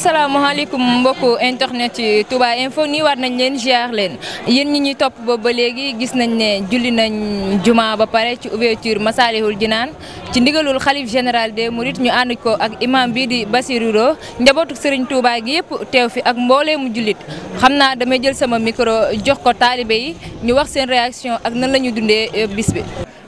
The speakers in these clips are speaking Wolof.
asalaamaaleykum mbokku internet yi Touba Info ni war nañ leen ziar leen yéen ñi ñuy topp ba ba léegi gis nañ ne julli nañ jumaa ba pare ci ouverture Masalihul naan ci ndigalul xalif général des Mourides ñu ànd ko ak imam bii di Bassirou Lo njabootu Serigne Touba gi yëpp teew fi ak mboolee mu jullit xam naa damay jël sama micro jox ko taalibe yi ñu wax seen réaction ak nan la ñu dundee eh, bis bi.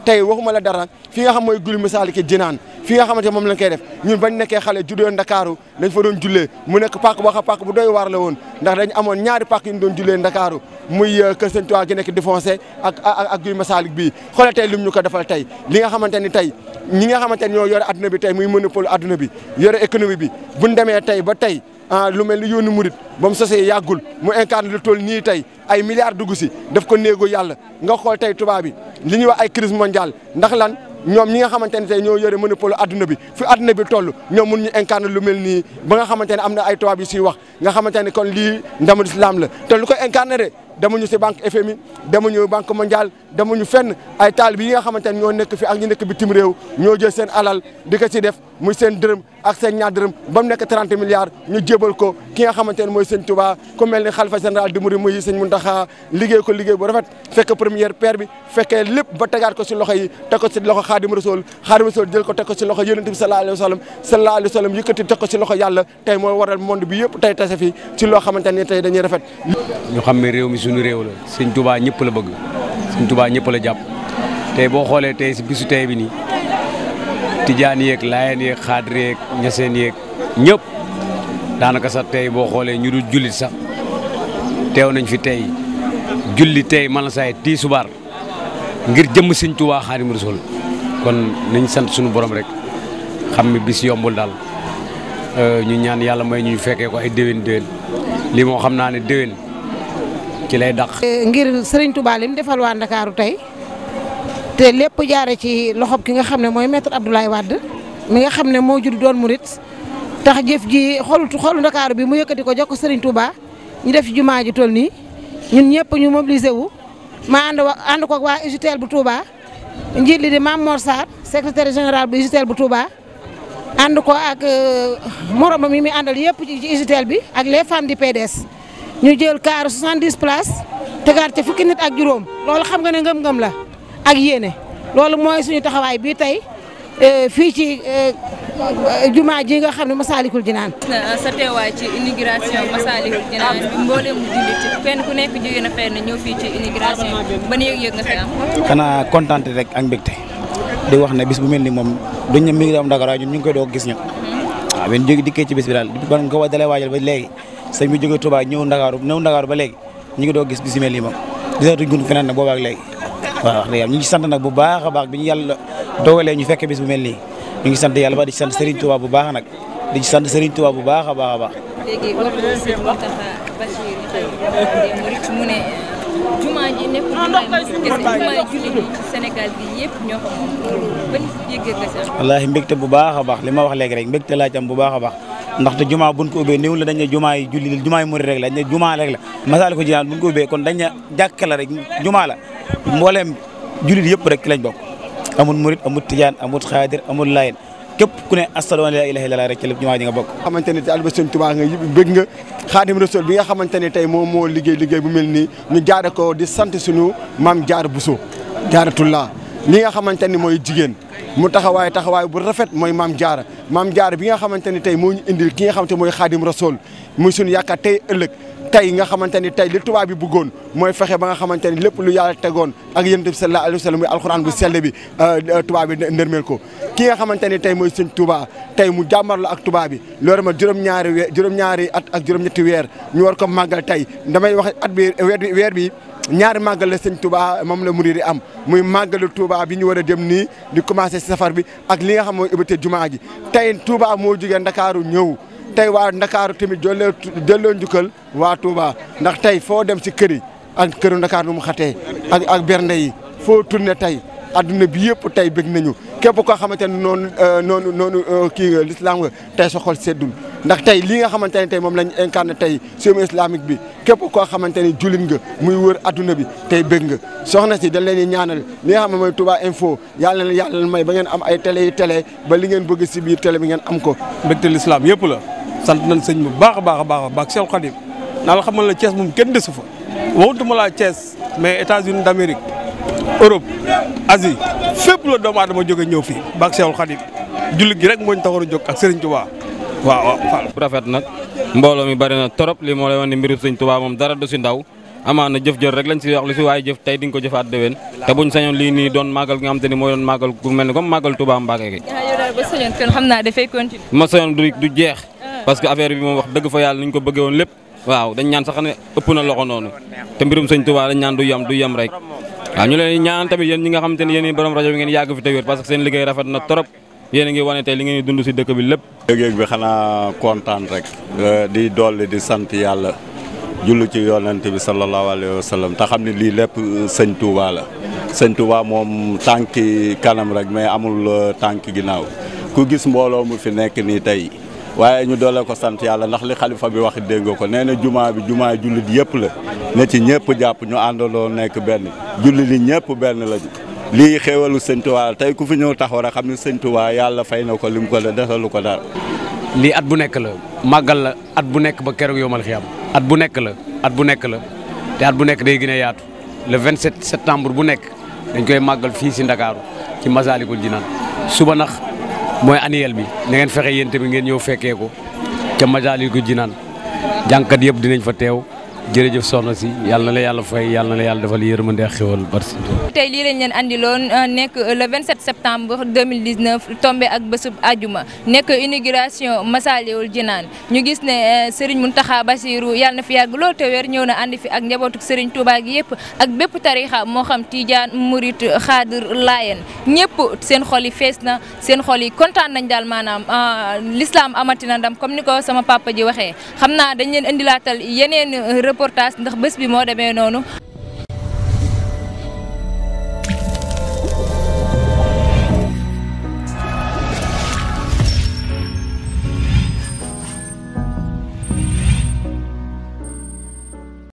tey waxuma la dara fi nga xam mooy gul Masaalikul Jinaan fi nga xamante moom lañ koy def ñun bañ nekkee xale juddoo Ndakaaru dañ fa doon jullee mu nekk pàkk boo xam pàkk bu doy waar la woon ndax dañ amoon ñaari pàkk yu ñu doon jullee Ndakaaru muy euh, kër Sëñ Tuubaa gi nekk défoncé ak ak gul bi bii xoolal tey lim ñu ko defal tey li nga xamante ni tey ñi nga xamante ni ñoo yore adduna bi tey muy monopole aduna bi yore économie bi buñ demee tey ba tey ah lu mel ni yoonu murit ba mu sosee yàggul mu incarne lu toll nii tey ay milliards dugg si def ko néego yàlla nga xool tey tubaab bi li ñuy wax ay crise mondiale ndax lan ñoom ñi nga xamante ne tey ñoo yore monopole adduna bi fi adduna bi toll ñoom mun ñu incarne lu mel nii ba nga xamante ne am na ay tubaab yu siy wax nga xamante ne kon lii si islam la te lu koy de demuñu si banque FMI demuñu banque mondiale ñu fenn ay taalibe yi nga xamante ne ñoo nekk fi ak ñu nekk bitim réew ñoo jël seen alal di ko si def muy seen dërëm ak seen ñaar dërëm ba mu nekk 30 milliards ñu jébal ko ki nga xamante ne mooy sëñ Touba ku mel ni xalifa général di murid muy sëñ Mountakha liggéey ko liggéey bu rafet fekk première paire bi fekkee lépp ba tegaat ko si loxo yi teg ko si loxo Xaadim Rasul Xaadim Rasul jël ko teg ko si loxo Yonent bi sallallahu alayhi wa sallam sallallahu alayhi wa sallam yëkkati teg ko si loxo yàlla tey mooy yëpp tey tase fi si loo xamante ne tey dañuy rafet suñu réew la sëñ Touba ñëpp la bëgg sëñ tubaa ñëpp la jàpp tey boo xoolee tey si bisu tey bi nii tijaan yéeg laayeen yeeg xaadir yeeg ñaseen yéeg ñëpp daanaka sax tey boo xoolee ñu dul jullit sax teew nañ fi tey julli tey man la saay tii subaar ngir jëmm sëñ tubaa Xaadimu Rasuul kon niñ sant suñu borom rek xam ni bis yombul daal euh, ñu ñaan yàlla may ñu fekkee ko ay déwén déwén lii xam naa ne déwén ci lay dàq. Eh, ngir Serigne Touba lim defal waa Ndakaaru tey te lépp jaare ci loxob ki nga xam ne mooy maître Abdoulaye Wade mi nga xam ne moo jur doon murit tax jëf ji xolu xolu Ndakaaru bi mu yëkkati ko jokk seriñ Serigne Touba ñu def jumaa ji toll nii ñun ñëpp ñu mobilisé wu ma ànd wa ànd ko waa UGTEL bu Touba njiit li di Mame Mor Sarr général bu bu Touba. ànd ko ak eh, moromam yi muy àndal yëpp ci UGTEL bi ak les femmes du PDS. ñu jël kaaru 70 places tegaat ci fukki nit ak juróom loolu xam nga ne ngëm-ngëm la ak yéene loolu mooy suñu taxawaay bii tey euh, fii ci euh, jumaa ji nga xam ne Masaalikul Jinaan sa teewaay ci inauguration Masaalikul Jinaan mboolem jullit ci fenn ku nekk jóge na fenn ñëw fii ci inauguration ban yëg-yëg nga fi am. xanaa rek ak mbégte di wax ne bis bu mel ni moom duñ ne mi ngi doon Dakar ñun ñu ngi koy doo gis hmm. ñu. waaw benn jóge dikkee ci bis bi daal di ko dalee waajal ba léegi. sëñ bi jóge tubaa ñëw Ndakaaru ñëw Ndakaaru ba léegi ñu ngi doog gis bis yu mel nii moom gisatuñ gudd feneen nag boobaak ngi sant nag bu baax baax bi ñu yàlla dogalee ñu fekke bis bu mel nii ñu ngi sant yàlla ba di sant Serigne Touba bu baax nag di ci sant Serigne bu baax a baax a baax léegi bu baax a baax li ma wax léegi rek mbégte laa ci bu baax a baax ndaxte jumaa buñ ko ubbee la dañ ne jumaa yi julli jumaa yi murid rek la dañ ne jumaa rek ko jinaan buñ ko ubbee kon dañ ne rek jumaa la mbooleem jullit yëpp rek ci lañ bokk amul murid amul tijaan amul xaadir amul layen képp ku ne asalaamaaleykum laa ilaaha illallaah rek ci lépp jumaa ji nga bokk. xamante ne tey Alboury Sëñ Tuubaa nga bëgg bi nga xamante ne tey moom moo liggéey liggéey bu mel nii ñu jaare ko di sant suñu maam jaar Bousso jaaratullaa li nga xamante ne mooy jigéen mu taxawaay taxawaay bu rafet mooy maam jaara maam jaara bi nga xamante ni tey moo ñu indil ki nga xamante mooy xaadim rasool muy suñu yaakaar tey ëllëg tey nga xamante ni tey li tubaab bi bëggoon mooy fexe ba nga xamante ni lépp lu yàlla tegoon ak yonent bi sallallahu alayhi wa sallam muy bu sell bi euh, tubaab bi ndërmeel ko ki nga xamante ni tey mooy suñ tubaa tey mu jàmmarloo ak tubaab bi loolu ma juróom-ñaari weer juróom at ak juróom-ñetti weer ñu war ko màggal tey damay wax at bi weer weer bi ñaari màggal la sëñ Touba moom la murid yi am muy màggalu Touba bi ñu war a dem nii di commencé si safar bi ak li nga xam mooy ubbite jumaa ji tey Touba moo jigéen Ndakaaru ñëw tey waa Ndakaaru tamit jëloo jëloo njukkal waa Touba ndax tey foo dem si kër yi ak këru Ndakaaru nu mu xatee ak ak bernde yi foo ne tey adduna bi yëpp tey bëgg nañu képp koo xamante ne noonu euh, noonu noonu euh, kii lislaam nga tey sa xol seddul ndax tey lii nga xamante ne tey moom la lañ incarné tey la islamique bi képp koo xamante ne jullit nga muy wër adduna bi tey bëgg nga soxna si dañ leen di ñaanal li nga xam ne mooy Touba Info yàlla may ba ngeen am ay télé yi télé ba li ngeen bëgg si biir tele bi ngeen am ko. mbégte l'islam yëpp la sant nañ sëñ bu baax a baax a baax a baax Cheikh Khadim naa la xamal la Thiès moom kenn desu fa waxutuma laa Thiès mais États-Unis d'Amérique Europe Asie fépp la doomu aadama jóge ñëw fii baax Cheikh Khadim gi rek moo ñu taxoon a jóg ak Serigne Touba waaw bu rafet nag mbooloo mi bari na trop li moo lay wan ni mbirum sëñ Tuubaa moom dara du si ndaw amaan na jëf jël rek lañ si wax lu si waaye jëf tey di ko jëfaat déwén te buñ sañoon lii nii doon màggal gi nga xam te ni mooy doon màggal gu mel ni comme ah, ma sañoon du jeex ah. parce que affaire bi moom wax dëgg fa yàlla ni ñu ko bëggee woon lépp waaw dañ ñaan sax ne ëpp na loxo noonu te mbirum sëñ Tuubaa dañ ñaan du yem du yem rek waaw ñu leen ñaan na trop yéen a ngi wane tey li ngeen di dund si dëkk bi lépp. yëg-yëg bi xanaa kontaan rek. Eh, di dolli di sant yàlla. jullu ci yonent bi sallallahu alayhi wa sallam te xam ne lii lépp eh, sëñ Touba la sëñ Touba moom tànki kanam rek mais amul eh, tànk ginnaaw ku gis mbooloo mu fi nekk nii tey waaye ñu doole ko sant yàlla ndax li xalifa bi wax dégg ko nee na jumaa bi jumaa jullit yëpp la ne ci ñëpp jàpp ñu àndaloo nekk benn jullit yi ñëpp benn lañu. lii xéewalu sëñ tey ku fi ñëw taxaw a xam ne sëñ yàlla fay na ko li mu ko la desalu ko daal lii at bu nekk la màggal la at bu nekk ba keroog yowmal xiyaam at bu nekk la at bu nekk la te at bu nekk day gën a yaatu le 27 septembre bu nekk dañ koy màggal fii si Ndakaaru ci Masaalikul Jinaan suba nax mooy annuel bi na ngeen fexe yéen bi ngeen ñëw fekkee ko ca Masaalikul Jinaan jànkat yëpp dinañ fa teew jërëjëf soxna si yàlla na la yàlla fay yàlla na la yàlla defal yërmande ak xéwal barsi tey lii lañ leen andiloon euh, nekk euh, le 27 septembre 2019 tombé ak bésub ajuma nekk inauguration Masaalikul Jinaan ñu gis ne euh, Serigne Mountakha Bassirou yàlla na fi yàgg lool te wér ñëw na andi fi ak njabootu Serigne Touba gi yëpp ak bépp tarixa moo xam Tijaan Murit Xaadir Laayeen ñëpp seen xol yi fees na seen xol yi kontaan nañ daal maanaam l'islam amatina ndam comme ni ko sama papa ji waxee reportage ndax bés bi moo demee noonu